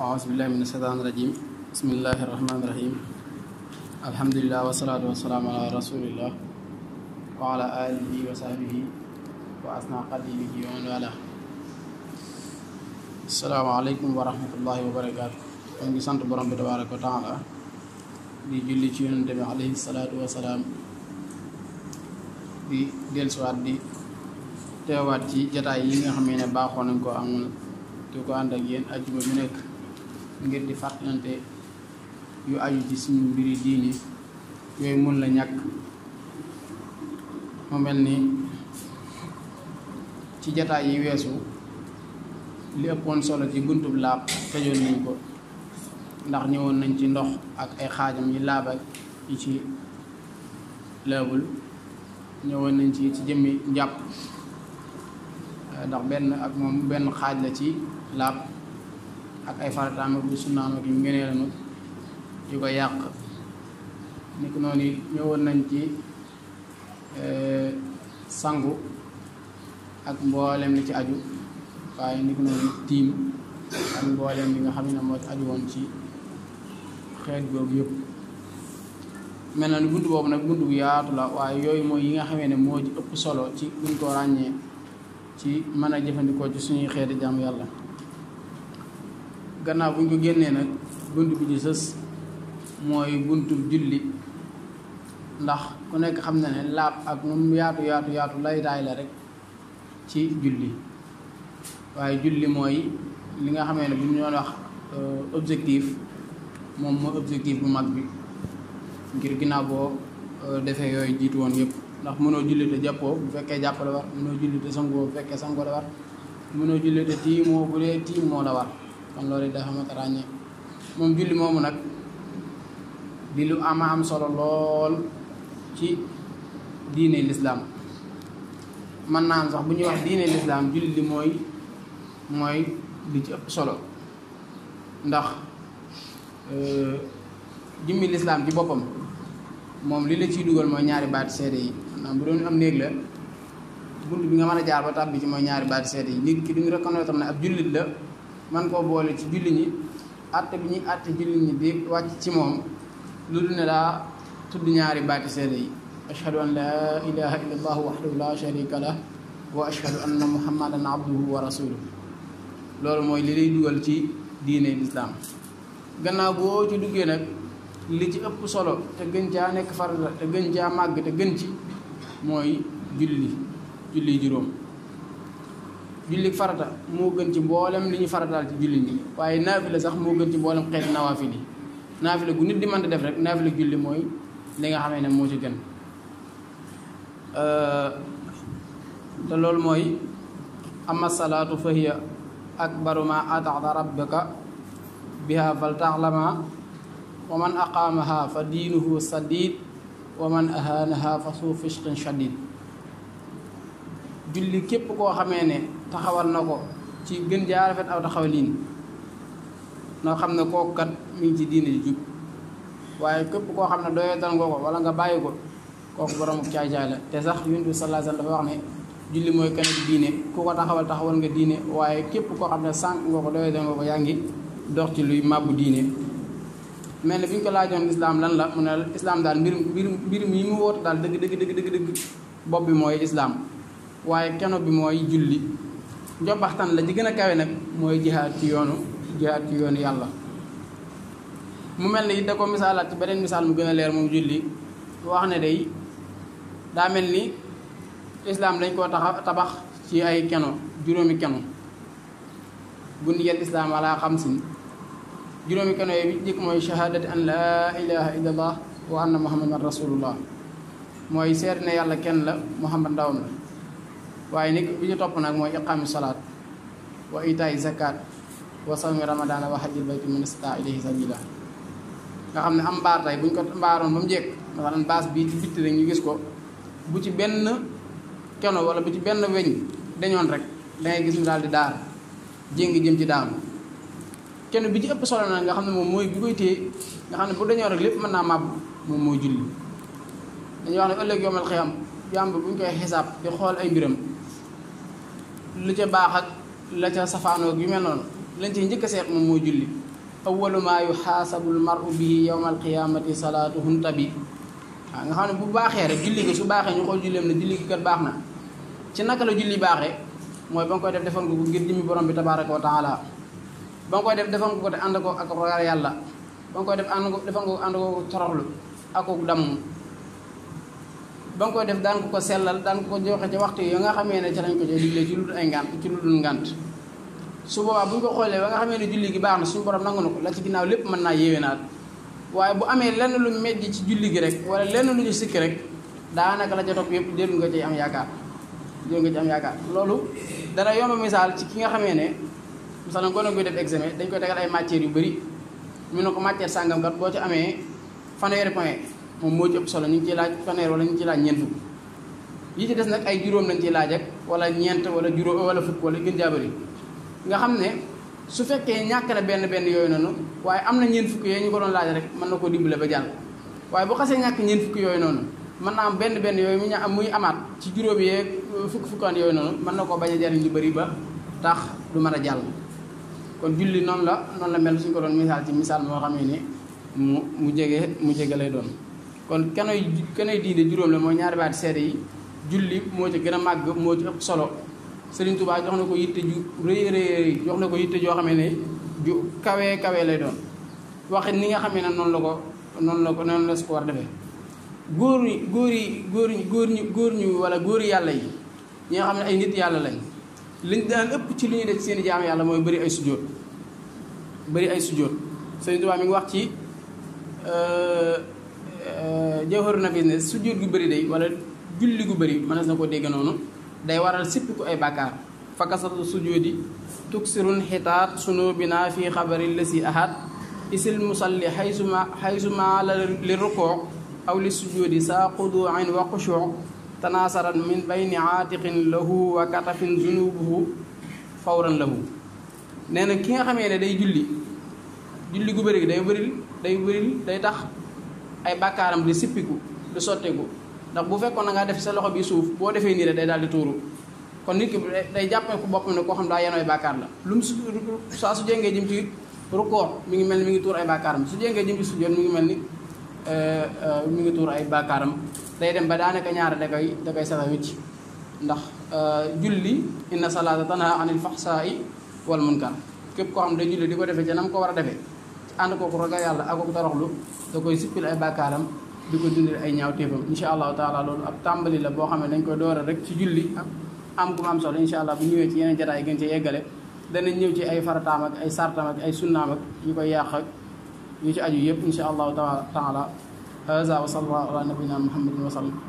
أعوذ بالله من الشيطان الرجيم بسم الله الرحمن الرحيم الحمد لله والصلاة والسلام على رسول الله وعلى آله وصحبه وأثنى قديمه ومن والاه salaamaaleykum wa rahmatullahi wa barakaatu ñu ngi sant borom bi tabaaraka wa taala di julli ci yonente bi alayhi salaatu salaam di dellusiwaat di teewaat ci jataay yi nga xam ne baaxoo nañ ko amoon te ko ànd ak yéen ajjuma bu nekk ngir di fàttalante yu aju ci suñu mbiri diini yooyu mun la ñàkk mu mel ni ci jataay yi weesu li ëppoon solo ci buntub laab tëjoon nañ ko ndax ñëwoon nañ ci ndox ak ay xaajam yi laab yi ci laabul ñëwoon nañ ci ci jëmmi njàpp ndax benn ak moom benn xaaj la ci làpp ak ay farataam ak sunnaam ak yu ngëneelam ak yu ko yàq niki noni ñewon nañ ci eh, sangu ak mboolem li ci aju way niki noni tim ak mboolem li nga xamina mo aju won ci xeet googu yëpp mel na ni bobu nak nag bu yaatu la way yoy moy yi nga xamene mo ci ëpp solo ci buñ ko ràññee ci mana a jëfandikoo ci suñu xeeti jamm yalla gannaaw bu ñu ko génnee nag bunt bi ñu sës mooy buntu julli ndax ku nekk xam na ne laab ak moom yaatu yaatu yaatu lay daay la rek ci julli waaye julli mooy li nga xamee ne bu ñu doon wax euh, objectif moom mooy objectif bu mag bi ngir ginnaaw boo euh, defee yooyu jiitu woon yëpp ndax mënoo julli te jàppoo bu fekkee jàpp la war mënoo julli te sangoo bu fekkee sangoo la war mënoo julli te tiimoo bu dee tiim la war kon loolu it dafa mat a moom julli moomu nag di lu ama am solo lool ci diine lislaam mën naa am sax bu ñuy wax diine lislaam julli li mooy mooy li ci ëpp solo ndax euh, jëmmi lislaam ci boppam moom li la ciy dugal mooy ñaari baati seede yi maanaam bu doon am néeg la bunt bi nga mën a jaar ba tàbbi ci mooy ñaari baati seede yi nit ki duñu reconnaître ne ab jullit la man koo boole ci julli ñi àtte bi ñuy àtte julli ñi di wàcc ci moom lu dul ne tudd ñaari baati seede yi ashhadu an laa ilaha illa allah wahdahu la sharika lah wa ashhadu anna muhammadan abduhu wa rasuluhu loolu mooy li lay dugal ci diine lislaam gannaaw boo ci duggee nag li ci ëpp solo te gën caa nekk farata te gën caa màgg te gën ci mooy julli julli juróom julli farata moo gën ci mboolem li ñu farataal ci julli nii waaye naafila sax moo gën ci mboolem xeet nawaafil yi naafila gu nit di mën a def rek naafila julli mooy li nga xamee ne moo ci gën te loolu mooy ama salaatu fa hiya akbaru ma ataxta rabbaka biha fal taxlama wa man aqaamaha fa diinuhu sadid wa man ahaanaha fa suu fisqin shadid julli képp koo xamee ne taxawal na ko ci gën jaa rafet aw taxawaliin na xam ne kooku kat mi ngi ci diine ji jub waaye képp koo xam ne doyee dal ko wala nga bàyyi ko kooku boroomu caay-caay la te sax Yonent bi dafa wax ne julli mooy kenn ci diine ku taxawal taxawal nga diine waaye képp koo xam ne sànq nga ko doyee dal ko yaa ngi dox ci luy màbbu diine mel ne bi ñu ko laajoon islaam lan la mu ne islaam daal mbir mbir mbir mi mu woote daal dëgg dëgg dëgg dëgg bopp bi mooy islaam waaye keno bi mooy julli njombaxtan la ji gën a kawe nag mooy jihaad ci yoonu jihaad ci yoonu yàlla mu mel ni da ko misaalaat ci beneen misaal mu gën a leer moom julli wax ne day daa mel ni islaam dañ koo taxa tabax ci ay keno juróomi keno buniyat islaam ala xamsin juróomi keno yi bi njëkk mooy shahadati an laa ilaha illallah wa anna muhammadan rasulullah mooy seet ne yàlla kenn la muhammad ndawam la waaye ni bi ñu topp nag mooy iqaami salaat wa itaay zakat wa sawmi ramadana wa hajjil bayti man istata ilayhi sabila nga xam ne am mbaar tey bu ko mbaaroon ba mu jekk masalan baas bii ci bitti rek ñu gis ko bu ci benn keno wala bu ci benn weñ dañoon rek da gis mu daal di daar jéngi jëm ci daanu kenn bi ci ëpp solo na nga xam ne moom mooy bi koy téye nga xam ne bu dañoo rek lépp mën naa màbb moom mooy julli dañuy wax ne ëllëg yoomal xiyam yàmb bu ñu koy xool ay mbiram lu ci bax ak la ci safano gi mel non lañ ci ñëk a mo moom julli awwalu ma yuxaasabu lmaru bihi yowma alqiyamati salaatuhun tabi nga xamne bu baxé rek julli gi su baxé ñu ko jullem na julli gi kat baxna ci naka la julli baxé moy bang koy def defal ko ngir dimi borom bi tabaaraku taala bang koy def defoon ko te ànd ak ragal yalla bang koy def ànd ko defoon ko toroxlu ak ko damm bang koy def dan ko selal dan ko joxe ci waxtu yo nga xamee ne lañ ko ca jullee ci lu ay ngànt ci lu ngant su boobaa bu ko xoolee ba nga xamee ne julli gi baxna na suñu borom nangu nako ko la ci ginnaaw lépp na naa yéwénaat waye bu amé lenn lu meddi ci julli gi rek wala lenn lu ñu sik rek naka la ci top yëpp dellu nga ci am yaakaar dellu nga ci am yaakaar lolu dara yomb misal ci ki nga xamee ne misaal nga gone def examen dañ ko tégal ay matière yu bëri ñu ko matière sangam kat bo ci amé fanweeri point mom mo ci ëpp solo ñu ci laaj fanéer wala ñu ci laaj ñent yi ci dess nak ay juroom lañ ci laaj ak wala ñent wala juroom wala fukk wala gën jaabari nga xamné su fekkee ñak na benn benn yoy nonu waye amna na fukk yooyu ñu ko doon laaj rek man nako dimbalé ba jall waye bu xasse ñak ñeent fukk yoy nonu man na am benn benn yooyu mu am muy amaat ci juroom ye fukk fukkan yoy nonu man nako baña bañ ñu bari ba tax du mara jall kon julli non la non la mel suñ ko doon misal ci misal mo xamé ni mu mu jégué mu jégué lay doon kon kanoy kanoy diine juróom la mooy ñaari baati seede yi julli moo ci gën a màgg moo ci ëpp solo Sëriñ Tuubaa jox na ko yitte ju rëy rëy na ko yitte joo xamee ne ju kawee kawee lay doon waxit ni nga xamee ne noonu la ko noonu la ko noonu la ko war góor góor yi góor ñi góor ñi góor ñu wala góor yàlla yi xam ne ay nit yàlla lañ liñ daan ëpp ci li ñuy def seeni yàlla mooy bëri ay sujjóot bëri ay wax ci euh, Euh, jawharu nafiis ne sujjóot gu bëri day wala julli gu bëri mënees na ko dégg noonu day waral sippiku ay bàkkaar fakasatu sujjóoti tuksirun xitaat sunu binaa fi xabari lasi ahad isil musalli xaysuma xaysuma la li rukoo aw li sujjóoti saa quduin wa xushoo tanaasaran min bayni aatiqin lahu wa katafin zunubuhu fawran lahu nee na ki nga xamee ne day julli julli gu bëri day bëri day bëri day tax ay bakaram di sipiku di sotegu ndax bu fekkon nga def sa loxo bi suuf bo defé ni day dal di touru kon nit ki day jappé ko boppam ne ko xam da yenn ay bàkkaar la lum sa su jéngee jim ci ruko mi ngi melni mi ngi tour ay bakaram su jim ci jenn mi ngi euh euh mi ngi tour ay bakaram day dem ba ñaara da koy da koy wicc ndax eh, julli inna salaata tanha anil fahsai wal munkar kep ko xam da julli diko defé janam ko wara defé ànd kooku ragal yàlla ak ak toroxlu da koy sippil ay bàkkaaram di ko dindil ay ñaaw téefam incha allahu taala loolu ab tàmbali la boo xam ne dañ koy dooral rek ci julli am gu am solo incha allah bu ñëwee ci yeneen jataay gën ci yeggale danañ ñëw ci ay farataam ak ay sartam ak ay sunnaam ak yu koy yàq ak yu ci aju yëpp incha allahu taala haza wa sallallahu ala nabina muhammadin wa sallam